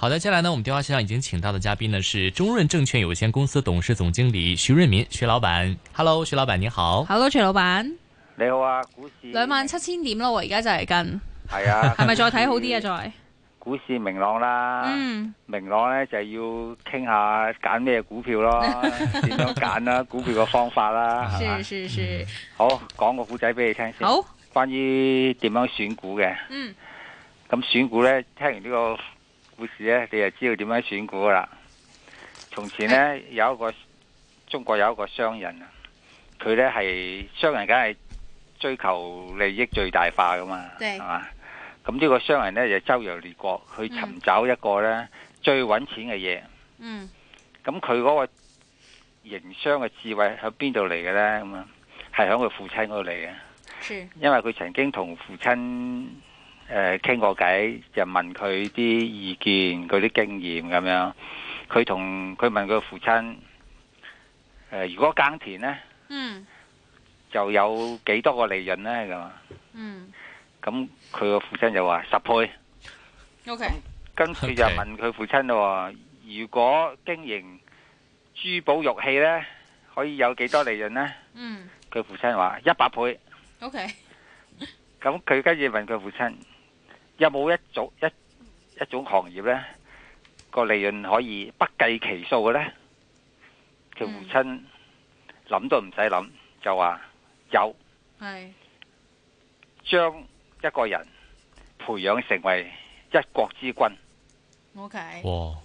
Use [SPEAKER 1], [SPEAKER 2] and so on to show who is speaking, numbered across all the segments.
[SPEAKER 1] 好的，接下來呢，我們電話線上已經請到的嘉賓呢，是中潤證券有限公司董事總經理徐潤民，徐老闆。Hello，
[SPEAKER 2] 徐老闆，你好。Hello，徐老板。你好啊，股市
[SPEAKER 1] 兩萬七千點咯，我而家就嚟跟。
[SPEAKER 2] 係啊。係咪再睇好啲啊？再。股市明朗啦。嗯。明朗呢，就要傾下揀咩股票咯，點樣揀啦，股票嘅方法啦，
[SPEAKER 1] 係
[SPEAKER 2] 好，講個古仔俾你聽先。好。關於點樣選股嘅。嗯。咁選股呢，聽完呢、這個。故事咧，你就知道點樣選股啦。從前呢，有一個中國有一個商人啊，佢呢係商人，梗係追求利益最大化噶嘛，係嘛？咁，呢個商人呢，就是，周遊列國去尋找一個呢最揾錢嘅嘢。嗯，咁佢嗰個營商嘅智慧喺邊度嚟嘅呢？咁啊，係喺佢父親嗰度嚟嘅。因為佢曾經同父親。誒，傾過偈，就問佢啲意見，佢啲經驗咁樣。佢同佢問佢父親，誒，如果耕田咧，嗯，就有幾多個利潤咧咁。嗯，咁佢個父親就話十倍。
[SPEAKER 1] O K。
[SPEAKER 2] 咁跟住就問佢父親咯，如果經營珠寶玉器咧，可以有幾多利潤咧？
[SPEAKER 1] 嗯。
[SPEAKER 2] 佢父親話一百倍。O K。咁佢跟住問佢父親。有冇一種一一種行業呢，個利潤可以不計其數嘅呢？佢父親諗都唔使諗，就話有。係將一個人培養成為一國之君。
[SPEAKER 1] OK。哇！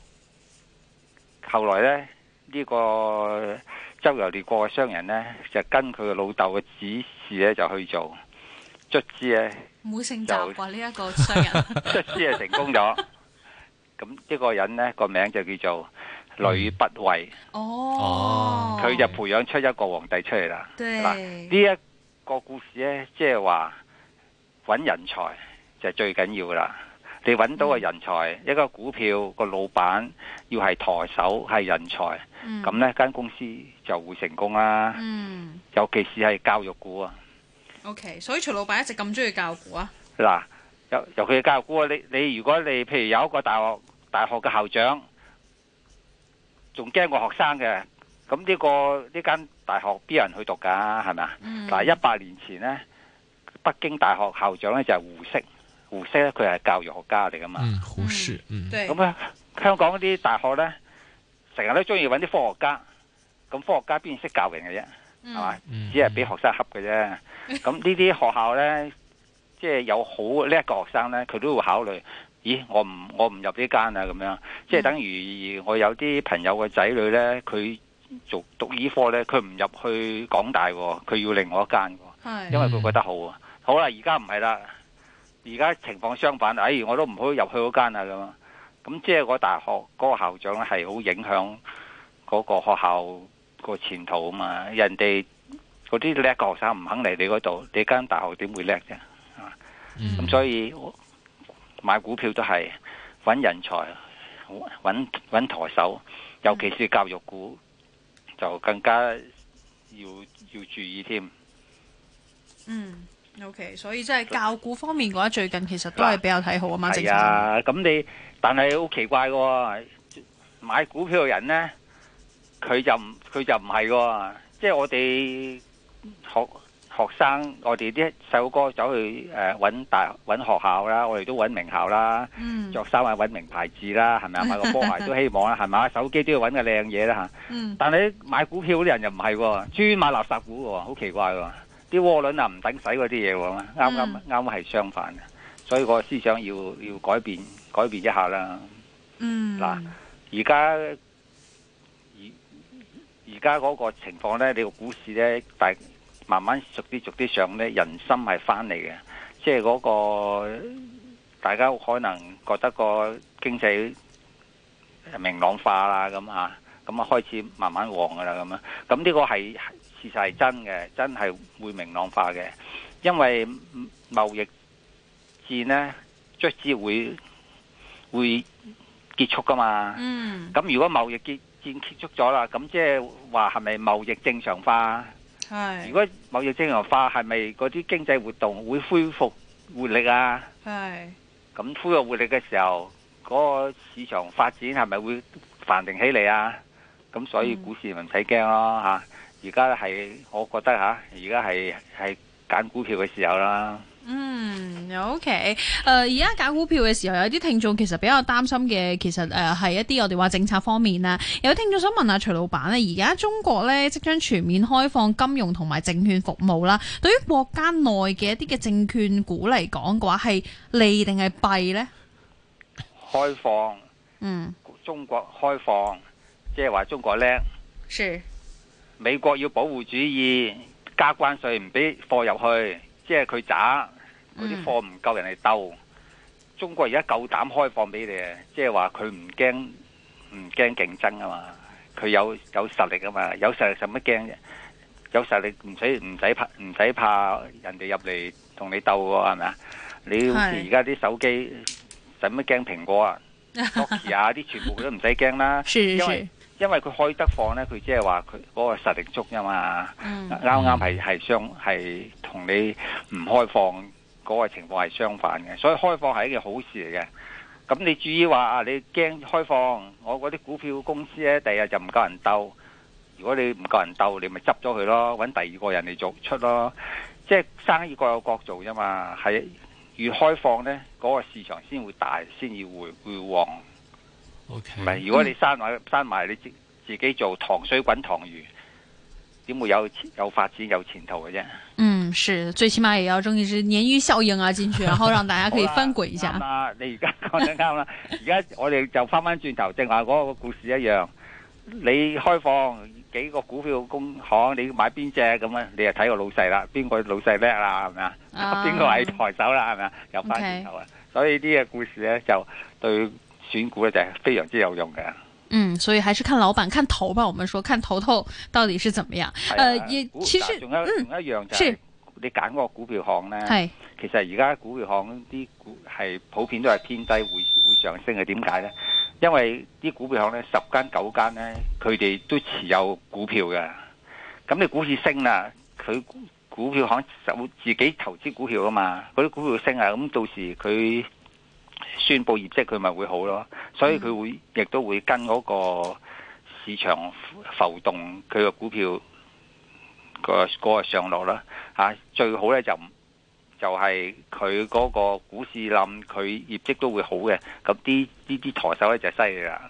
[SPEAKER 2] 後來呢，呢個周遊列國嘅商人呢，就跟佢嘅老豆嘅指示呢，就去做。卒之咧，就呢
[SPEAKER 1] 一個商人，卒之係
[SPEAKER 2] 成功咗。咁 一個人咧個名就叫做呂不韋。哦，佢就培養出一個皇帝出嚟啦。嗱，呢、這、一個故事咧，即係話搵人才就最緊要啦。你搵到個人才，嗯，一個股票個老闆要係舵手係人才，咁呢間公司就會成功啦，嗯，尤其是係教育股啊。
[SPEAKER 1] O、okay, K，所以徐老闆一直咁中意教育股
[SPEAKER 2] 啊？嗱、嗯，由由佢教育股啊，你你如果你譬如有一個大學大學嘅校長，仲驚過學生嘅，咁呢、這個呢間大學邊有人去讀噶？係咪啊？嗱、嗯，一百年前呢，北京大學校長咧就係、是、胡適，胡適咧佢係教育學家嚟噶嘛？胡、嗯、適、嗯嗯，對，咁、嗯、啊，香港啲大學咧成日都中意搵啲科學家，咁科學家邊識教人嘅啫？係嘛、嗯？只係俾學生恰嘅啫。咁呢啲學校呢，即、嗯、係、就是、有好呢一個學生呢，佢都會考慮。咦，我唔我唔入呢間啊？咁樣即係、嗯就是、等於我有啲朋友嘅仔女呢，佢做讀醫科呢，佢唔入去港大，佢要另外一間喎，因為佢覺得好啊。好啦，而家唔係啦。而家情況相反啊！哎，我都唔好入去嗰間啊咁。咁即係嗰大學、嗰個校長呢，係好影響嗰個學校，個前途啊嘛，人哋嗰啲叻學生唔肯嚟你嗰度，你間大學點會叻啫？啊，咁所以我買股票都係搵人才，搵搵台手，尤其是教育股就更加要要注意添。
[SPEAKER 1] 嗯，OK，所以即係教股方面嘅話，最近其實都係比較睇好啊嘛。係啊，
[SPEAKER 2] 咁你但係好奇怪喎，買股票嘅人咧。佢就唔佢就唔係喎，即係我哋學學生，我哋啲細路哥走去誒揾，呃、大學揾學校啦，我哋都揾名校啦，着衫啊揾名牌字啦，係咪啊買個波鞋都希望啦，係咪啊手機都要揾個靚嘢啦嚇、嗯，但係買股票啲人又唔係，專買垃圾股喎，好奇怪喎，啲窩輪啊唔等使嗰啲嘢喎，啱啱啱係相反嘅，所以我思想要要改變改變一下啦，嗱而家。而家嗰個情況咧，你個股市咧，大慢慢逐啲逐啲上咧，人心係翻嚟嘅，即係嗰個大家可能覺得個經濟明朗化啦，咁啊，咁啊開始慢慢旺噶啦，咁樣，咁呢個係事實係真嘅，真係會明朗化嘅，因為貿易戰咧卒之會會結束噶嘛。嗯，咁如果貿易結。戰結束咗啦，咁即係話係咪貿易正常化？係。如果貿易正常化，係咪嗰啲經濟活動會恢復活力啊？
[SPEAKER 1] 係。
[SPEAKER 2] 咁恢復活力嘅時候，嗰、嗰個市場發展係咪會繁盛起嚟啊？咁所以股市唔使驚咯吓，而家係我覺得吓、啊，而家係係揀股票嘅時候啦。
[SPEAKER 1] 嗯，OK。誒、呃，而家搞股票嘅時候，有啲聽眾其實比較擔心嘅，其實誒係、呃、一啲我哋話政策方面啦。有聽眾想問阿徐老闆呢，而家中國呢，即將全面開放金融同埋證券服務啦。對於國家內嘅一啲嘅證券股嚟講嘅話，係利定係弊呢？
[SPEAKER 2] 開放，
[SPEAKER 1] 嗯，
[SPEAKER 2] 中國開放，即係話中國叻。是。美國要保護主義，加關稅唔俾貨入去，即係佢渣。嗰啲貨唔夠人哋鬥，嗯，中國而家夠膽開放俾你嘅，即係話佢唔驚唔驚競爭啊嘛，佢有有實力啊嘛，有實力使乜驚？有實力唔使唔使怕唔使怕人哋入嚟同你鬥嘅係咪啊？你而家啲手機使乜驚蘋果啊、Nokia 啊啲全部佢都唔使驚啦，因為因為佢開得放咧，佢即係話佢嗰個實力足啊嘛，啱啱係係相係同你唔開放。嗰個情況係相反嘅，所以開放係一件好事嚟嘅。咁你注意話啊，你驚開放，我嗰啲股票公司咧，第日就唔夠人鬥。如果你唔夠人鬥，你咪執咗佢咯，揾第二個人嚟做出咯。即係生意各有各做啫嘛。係越開放呢，嗰個市場先會大，先至會會旺。OK，唔係如果你閂埋閂埋，你自自己做糖水滾糖魚，點會有有發展有前途嘅啫？嗯
[SPEAKER 1] 嗯，是最起碼也要爭一支鯰魚效應啊，進去，然後讓大家可以翻滾一下。 啊、
[SPEAKER 2] 你而家講得啱啦，而 家我哋就翻翻轉頭，正話個故事一樣。你開放幾個股票工行，你買邊隻咁樣？你就睇個老細啦，邊個老細叻啦，係咪啊？邊個係抬手啦，係咪啊？又翻轉頭啊，okay。所以呢個故事咧就對選股咧就係非常之有用嘅。嗯，
[SPEAKER 1] 所以還是看老闆、看頭吧。我們說，看頭頭到底是怎麼樣？誒、啊，呃，其實，
[SPEAKER 2] 一、哦、樣、啊嗯就是，是。你揀嗰個股票行呢，其實而家股票行啲股係普遍都係偏低，會會上升嘅。點解呢？因為啲股票行呢十間九間呢，佢哋都持有股票嘅。咁你股市升啦，佢股票行就自己投資股票啊嘛，嗰啲股票升啊，咁到時佢宣佈業績佢咪會好咯。所以佢會亦都會跟嗰個市場浮動佢個股票。個、那個上落啦，吓最好咧就就係佢嗰個股市冧，佢業績都會好嘅，咁啲呢啲舵手咧就犀利啦。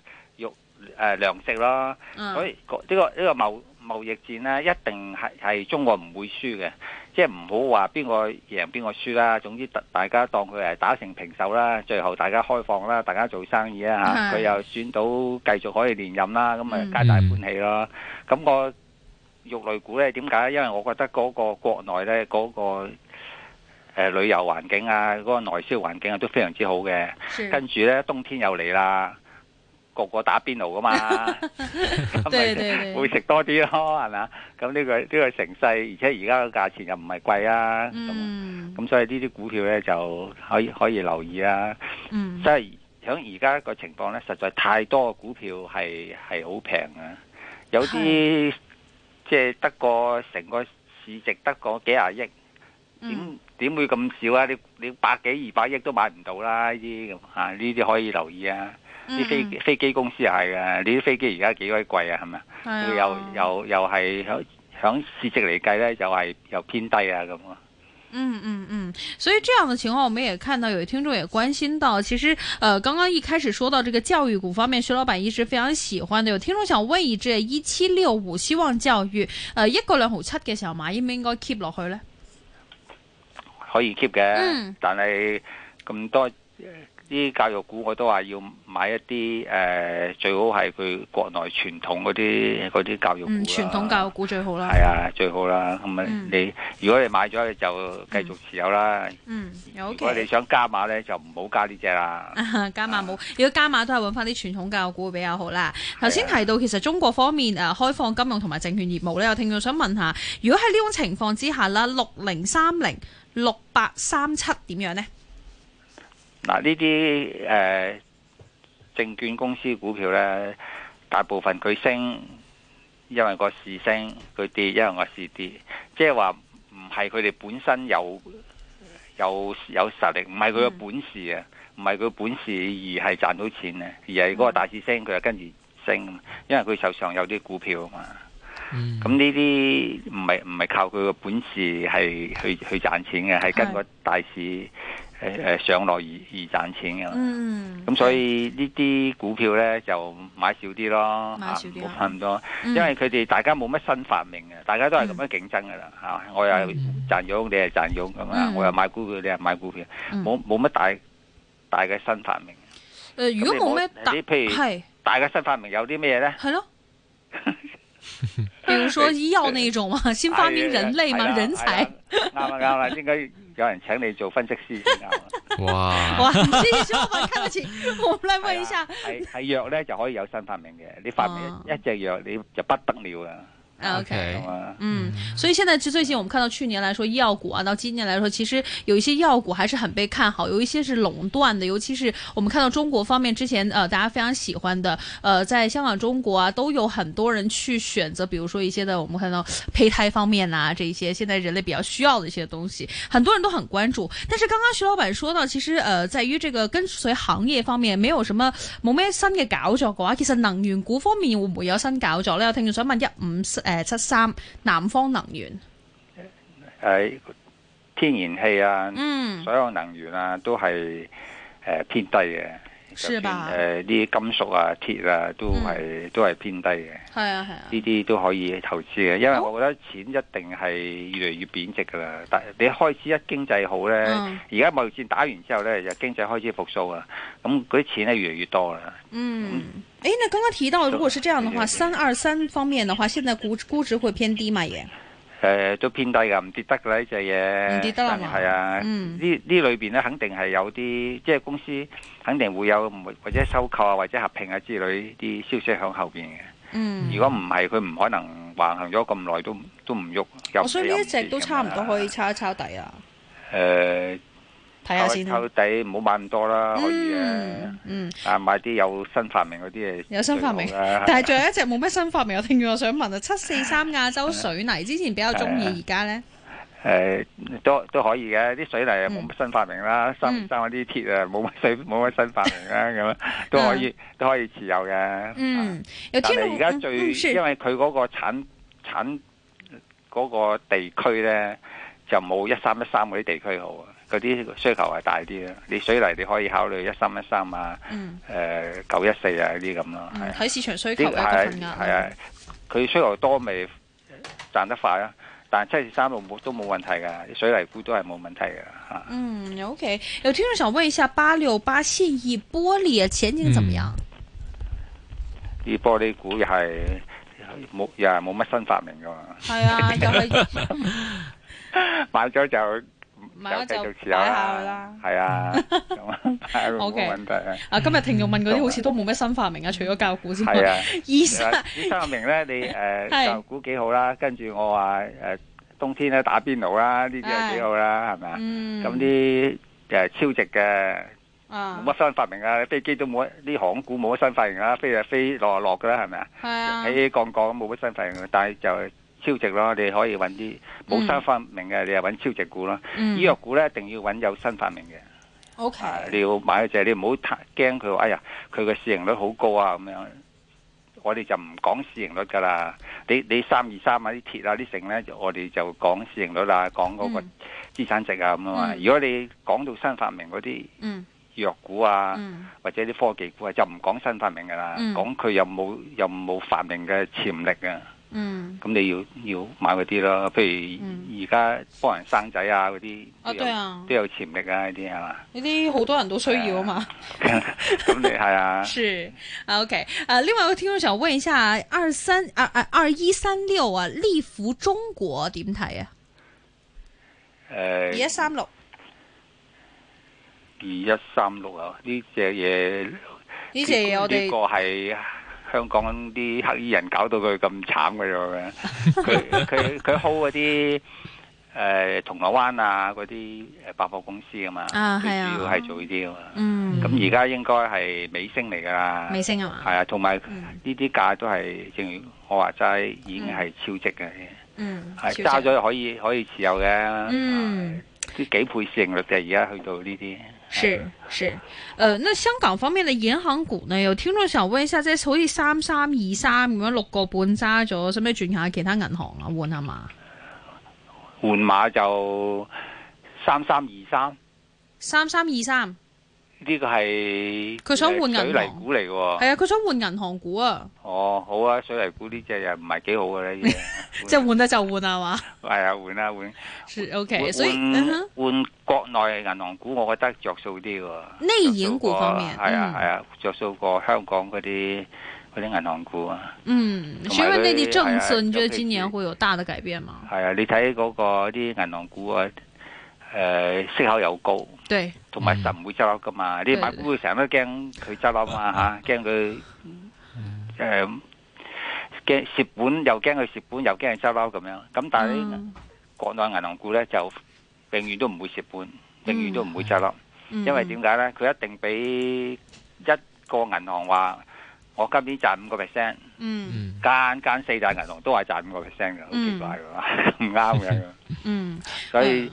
[SPEAKER 2] 誒糧食啦，所以呢個呢個貿貿易戰咧，一定係係中國唔會輸嘅，即係唔好話邊個贏邊個輸啦。總之，大大家當佢係打成平手啦，最後大家開放啦，大家做生意啦嚇，佢又選到繼續可以連任啦，咁咪皆大歡喜咯。咁個肉類股咧點解？因為我覺得嗰個國內咧嗰個誒旅遊環境啊，嗰個內銷環境啊都非常之好嘅。跟住咧冬天又嚟啦。個個打邊爐噶嘛，咁 咪會食多啲咯，係 嘛？咁呢、這個呢、這個城市而且而家個價錢又唔係貴啊，咁、嗯、所以呢啲股票咧就可可以留意啦。即係喺而家個情況咧，實在太多股票係係好平啊，有啲即係得個成個市值得個幾廿億，點點會咁少啊？你你百幾二百億都買唔到啦呢啲咁啊，呢啲可以留意啊。嗯啲飛飛機公司又係嘅，呢、嗯、啲飛機而家幾鬼貴啊，係咪、啊？又又又係響響市值嚟計咧，又係又偏低啊咁啊。嗯嗯嗯，
[SPEAKER 1] 所以這樣嘅情況，我們也看到有聽眾也關心到，其實，呃，剛剛一開始講到這個教育股方面，徐老闆一直非常喜歡嘅，有聽眾想問一隻一七六五希望教育，呃，一個兩毫七嘅時候買，應唔應該 keep 落去咧？
[SPEAKER 2] 可以 keep 嘅、嗯，但係咁多。呃啲教育股我都話要買一啲、呃、最好係佢國內傳統嗰啲嗰啲教育股。嗯，傳
[SPEAKER 1] 統教育股最好啦。係啊，
[SPEAKER 2] 最好啦。咁、嗯、你如果你買咗，你就繼續持有啦。嗯，
[SPEAKER 1] 嗯，OK。如果你
[SPEAKER 2] 想加碼咧，就唔好加呢隻啦。
[SPEAKER 1] 加碼冇、啊，如果加碼都係揾翻啲傳統教育股會比較好啦。頭先、啊、提到其實中國方面誒、啊、開放金融同埋證券業務咧，有聽眾想問下，如果喺呢種情況之下啦，六零三零六八三七點樣咧？
[SPEAKER 2] 嗱呢啲誒證券公司股票呢，大部分佢升，因為個市升佢跌，因為個市跌，即係話唔係佢哋本身有有有實力，唔係佢嘅本事啊，唔係佢本事而係賺到錢啊，而係嗰個大市升佢就跟住升，因為佢手上有啲股票啊嘛。咁呢啲唔係唔係靠佢嘅本事係去去賺錢嘅，係跟個大市。Mm. 誒、呃、誒，上落易易賺錢噶、啊、嗯，咁所以呢啲股票咧就買少啲咯，吓、啊，唔好買咁多、嗯，因為佢哋大家冇乜新發明嘅，大家都係咁樣競爭噶啦，吓、嗯啊，我又賺佣、嗯，你係賺佣咁啊，我又買股票，你係買股票，冇冇乜大大嘅新發明。誒、呃，如
[SPEAKER 1] 果冇咩大係
[SPEAKER 2] 大嘅新發明有，有啲咩咧？係咯，
[SPEAKER 1] 譬如說醫藥呢一種嘛，先、哎、發明人類嘛、哎，人才。啱啦啱
[SPEAKER 2] 啦，哎哎、 應該。有人請你做分析師， 哇，哇，哇！哇，
[SPEAKER 1] 唔知小老闆睇得起。我嚟問一
[SPEAKER 2] 下，係係藥咧就可以有新發明嘅，你發明一隻藥你就不得了喇！Okay, okay, O.K. 嗯，
[SPEAKER 1] 所以現在其實最近我們看到去年來說醫藥股啊，到今年來說其實有一些醫藥股還是很被看好，有一些是壟斷的，尤其是我們看到中國方面之前，呃，大家非常喜歡的，呃在香港、中國啊都有很多人去選擇，比如說一些的我們看到胚胎方面啊，這一些現在人類比較需要的一些東西，很多人都很關注。但是剛剛徐老闆說到，其實，呃在於這個跟隨行業方面，沒有什麼冇咩新嘅話，其實能源股方面聽誒、呃，七三南方能源，
[SPEAKER 2] 誒、哎，天然氣啊、嗯，所有能源啊，都係誒、呃、偏低嘅。呢啲、呃、金屬啊、鐵啊，都係、嗯、都係偏低嘅。係啊係啊，呢啲、啊、都可以投資嘅，因為我覺得錢一定係越嚟越貶值㗎啦、哦。但係你開始一經濟好咧，而家貿易戰打完之後咧，就經濟開始復甦啦，咁嗰啲錢係越嚟越多啦。
[SPEAKER 1] 嗯，誒、嗯嗯欸，那剛剛提到，如果是這樣的話，三二三方面的話，現在估值估值會偏低嘛也？
[SPEAKER 2] 誒都偏低㗎，唔跌得㗎呢隻嘢，唔跌得？係、嗯、啊，呢呢裏邊咧肯定係有啲，即係公司肯定會有或者收購啊，或者合併啊之類啲消息響後邊嘅。
[SPEAKER 1] 嗯，如果
[SPEAKER 2] 唔係佢唔可能橫行咗咁耐都都唔喐。我所以呢一隻都
[SPEAKER 1] 差唔多可以抄一抄底啊、呃。
[SPEAKER 2] 誒。睇下先，底唔好買咁多啦，可以啊。嗯，啊買啲有新發明嗰啲嘢。有新發明，但係
[SPEAKER 1] 仲有一隻冇乜新發明，我聽咗想問啊，七四三亞洲水泥之前比較鍾意，而家咧？
[SPEAKER 2] 誒，都都可以嘅，啲水泥冇乜新發明啦，三三嗰啲鐵啊，冇乜水，冇乜新發明啦，咁樣都可以都可以持有嘅。
[SPEAKER 1] 嗯，但係而家最因為
[SPEAKER 2] 佢嗰個產產嗰個地區咧，就冇一三一三嗰啲地區好。嗰啲需求係大啲啦，你水泥你可以考慮一三一三啊，誒九一四啊呢啲咁咯，喺、嗯、
[SPEAKER 1] 市場需求一個份額係啊，
[SPEAKER 2] 佢需求多咪賺得快啊，但七至三六都冇問題嘅，啲水泥股都係冇問題嘅
[SPEAKER 1] 嚇。嗯，OK，有聽眾想問一下八六八信義玻璃啊。前景點樣？
[SPEAKER 2] 啲、嗯、玻璃股又係冇又係冇乜新發明噶嘛？係啊，又係買咗就。唔係我繼續持有啦，係
[SPEAKER 1] 啊， okay. 啊。今日聽眾問嗰啲好似都冇咩新發明啊，除咗教育股之外，依三
[SPEAKER 2] 依明咧，你誒教育股幾好啦，跟住我話冬天咧打邊爐啦，呢啲係幾好啦，係咪啊？咁啲超值嘅，冇乜新發明啊，飛機都冇，呢行股冇乜新發明啊。飛就、啊、飛、啊，落落噶啦，係咪啊？起起降降冇乜新發明，但係就。超值咯，你可以揾啲冇新發明嘅、嗯，你又揾超值股咯、嗯。醫藥股咧，一定要揾有新發明嘅。
[SPEAKER 1] O K，你
[SPEAKER 2] 要買嗰隻你唔好太驚佢話。哎呀，佢嘅市盈率好高啊！咁樣，我哋就唔講市盈率噶啦。你你三二三啊，啲鐵啊，啲成咧，我哋就講市盈率啦、啊，講嗰個資產值啊咁啊嘛。如果你講到新發明嗰啲藥股啊，或者啲科技股啊，就唔講新發明噶啦，講佢有冇有冇發明嘅潛力啊。嗯，咁你要要買嗰啲咯，譬如而家幫人生仔啊嗰啲，啊對啊，都有潛力啊，呢啲係嘛？
[SPEAKER 1] 呢啲好多人都需要、啊、嘛，
[SPEAKER 2] 咁 那你係、 okay. 啊？是
[SPEAKER 1] ，OK，誒，另外個聽眾想問一下，二三啊啊二一三六啊，利福中國點睇啊？誒、呃，
[SPEAKER 2] 二一三六，二一三六啊，呢隻嘢，呢隻嘢我哋、這個係。香港啲黑衣人搞到佢咁慘嘅啫，佢佢佢 hold 嗰啲誒銅鑼灣啊嗰啲百貨公司啊嘛，啊佢主要係、啊、做呢啲噶嘛。咁而家應該係尾聲嚟噶啦，尾聲啊嘛。係啊，同埋呢啲價都係正如我話齋已經係超值嘅。嗯，係揸咗可以可以持有嘅。嗯，啲、啊、幾倍市盈率嘅。而家去到呢啲。
[SPEAKER 1] 是是，呃那香港方面的銀行股呢？有聽眾想問一下，即係好似三三二三咁樣六個半揸咗，使唔使轉下其他銀行啊？換下嘛？
[SPEAKER 2] 換馬就三三二三，
[SPEAKER 1] 三三二三。
[SPEAKER 2] 呢、這個係佢、哦、想換銀行股嚟嘅，係啊，
[SPEAKER 1] 佢想換銀行股啊。
[SPEAKER 2] 哦，好啊，水泥股呢隻又唔係幾好嘅咧，即
[SPEAKER 1] 係換得就換啊嘛。
[SPEAKER 2] 係 啊，換啊換。OK，所以換換國內銀行股，我覺得着數啲嘅。
[SPEAKER 1] 內銀股方面，係啊
[SPEAKER 2] 係啊，着、嗯、數、哎、過香港嗰啲嗰啲銀行股啊。嗯，因為內地政策、哎，你覺得今
[SPEAKER 1] 年會有大嘅改變嘛。
[SPEAKER 2] 係啊，你睇嗰、那個啲銀行股啊。誒，息口又高，同埋實唔會執笠噶嘛？啲買股成日都驚佢執笠嘛吓，驚佢誒驚蝕本又驚佢蝕本又驚佢執笠咁樣。咁但係國內銀行股咧就永遠都唔會蝕本，永遠都唔會執笠，因為點解咧？佢一定畀一個銀行話。我今年賺五個 percent，間間四大銀行都係賺五個 percent 嘅，好奇怪㗎唔啱嘅。嗯, 對的 嗯，所以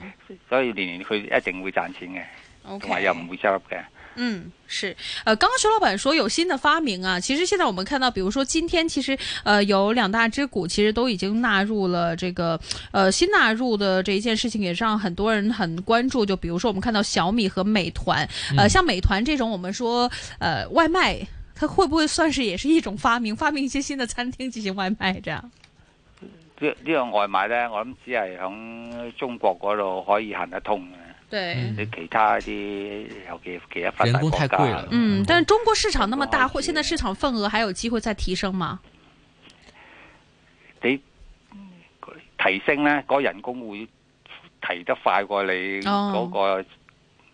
[SPEAKER 2] 所以年年佢一定會賺錢嘅，同、okay. 埋又唔會執笠嘅。嗯，
[SPEAKER 1] 是，呃，剛剛徐老闆說有新的發明啊，其實現在我們看到，比如說今天其實，呃，有兩大隻股，其實都已經納入了這個，呃，新納入的這一件事情，也讓很多人很關注。就，比如說，我們看到小米和美團，嗯、呃，像美團這種，我們說，呃，外賣。佢會不會算是也是一種發明？發明一些新嘅餐廳進行外賣，這樣？
[SPEAKER 2] 呢呢樣外賣呢，我諗只係響中國嗰度可以行得通嘅。對，你、嗯、其他啲有幾其他分國家。人工太貴啦。
[SPEAKER 1] 嗯，但係中國市場那麼大，或現在市場份額還有機會再提升嗎？
[SPEAKER 2] 你提升呢，嗰、那個、人工會提得快過你嗰、那個，哦、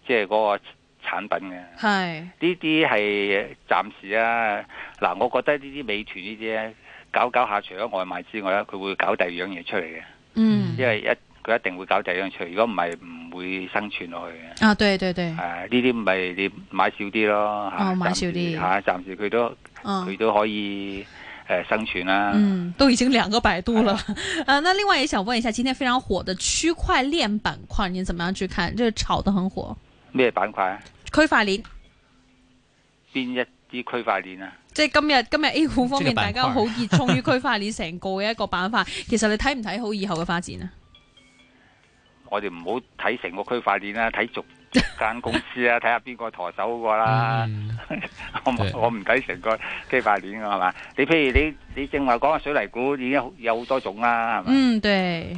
[SPEAKER 2] 即係嗰、那個。產品
[SPEAKER 1] 嘅，
[SPEAKER 2] 係呢啲係暫時啊。嗱，我覺得呢啲美團呢啲咧，搞搞下除咗外賣之外咧，佢會搞第二樣嘢出嚟嘅。嗯，因為一佢一定會搞第二樣出嚟，如果唔係唔會生存落去嘅。
[SPEAKER 1] 啊，對對對，啊
[SPEAKER 2] 呢啲咪你買少啲咯。哦買少啲，吓、啊、暫時佢都佢、嗯、都可以誒生存啦、啊。嗯，
[SPEAKER 1] 都已經兩個百度啦、啊，啊，那另外也想問一下，今天非常火的區塊鏈板塊，你怎麼樣去看？就是、炒得很火
[SPEAKER 2] 咩板塊？
[SPEAKER 1] 區塊鏈？
[SPEAKER 2] 邊一啲區塊鏈啊？
[SPEAKER 1] 即係今日今日 A 股方面，大家好熱衷於區塊鏈成個嘅一個板塊。 其實你睇唔睇好以後嘅發展啊？
[SPEAKER 2] 我哋唔好睇成個區塊鏈啊，睇逐間公司啊，睇下邊個舵手個啦。嗯、 我唔睇成個區塊鏈噶係嘛？你譬如你你正話講嘅水泥股，已經有好多種啦，係
[SPEAKER 1] 嘛？嗯，對。